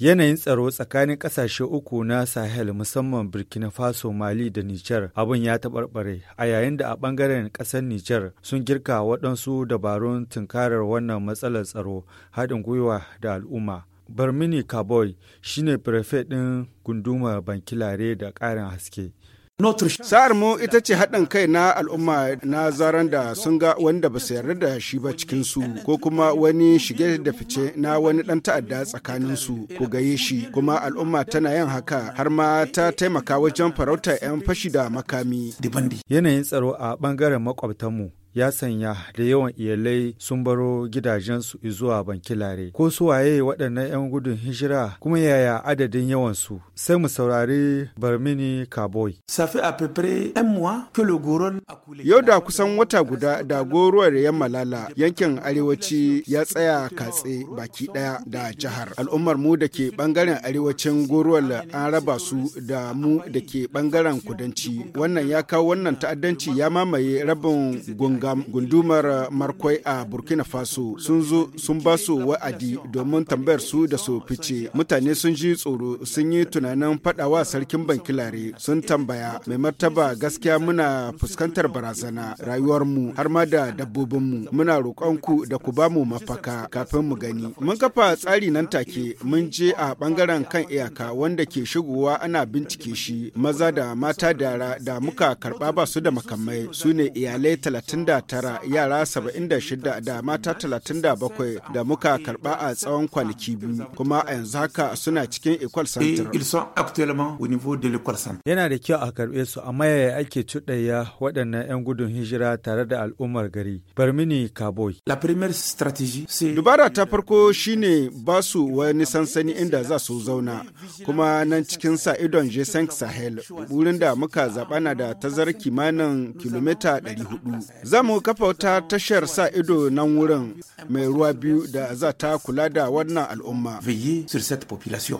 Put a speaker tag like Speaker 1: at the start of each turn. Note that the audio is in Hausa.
Speaker 1: Yanayin tsaro tsakanin ƙasashe uku na Sahel musamman Burkina Faso, Mali da Nijar abin ya taɓarɓare a yayin da a ɓangaren ƙasar Nijar sun girka waɗansu dabarun tunkarar wannan matsalar tsaro haɗin gwiwa da al'umma. Barmini Kaboy shine prefet ɗin gundumar Bankilare da ƙarin haske.
Speaker 2: Sa'ar mu ita ce haɗin kai na al'umma na zaran da sun ga wanda ba su yarda da shi ba cikin su ko kuma wani shige da fice na wani ɗan ta'adda tsakanin su ko gaye shi kuma al'umma tana yin haka har ma ta taimaka wajen farautar 'yan fashi da makami.
Speaker 1: Yanayin tsaro a ɓangaren makwabtanmu ya sanya da yawan iyalai sun baro gidajensu zuwa bankilare ko su waye waɗannan 'yan gudun hijira kuma yaya adadin yawansu sai mu saurari barmini kaboy
Speaker 2: yau da kusan wata guda da goruwar yan malala yankin arewaci ya tsaya katse baki ɗaya da jihar al'ummar mu da ke ɓangaren arewacin goruwar an raba su da mu da ke ɓangaren kudanci wannan ya kawo wannan ta'addanci ya mamaye rabin gungun gam gundumar eh, Markwai a Burkina Faso sun zo sun ba su wa'adi domin tambayar su da su fice. Mutane sun ji tsoro sun yi tunanin fadawa sarkin bankilare sun tambaya mai martaba gaskiya muna fuskantar barazana rayuwar mu har ma da dabbobin dabbobinmu muna roƙonku da ku ba mu mafaka kafin mu gani. Mun kafa tsari nan take mun je a bangaren kan iyaka wanda ke shigowa ana bincike shi maza da mata dara da muka karba ba su da makamai su ne iyalai talatin tara yara 76 da mata 37 da muka karba a tsawon kwanaki biyu kuma a yanzu haka suna cikin equal center.
Speaker 1: Yana da kyau a karbe su amma yaya ake cuɗaya waɗannan 'yan gudun hijira tare da al'ummar gari. Barmini Kaboy. La première stratégie
Speaker 2: Dubara ta farko shine ba su wani sansani inda za su zauna kuma nan cikin sa idon g Sahel wurin da muka zaɓa na da tazarar kimanin kilomita 400. Za Za mu kafa wata tashar sa ido nan wurin mai ruwa biyu da za ta kula da wannan al'umma.
Speaker 1: population.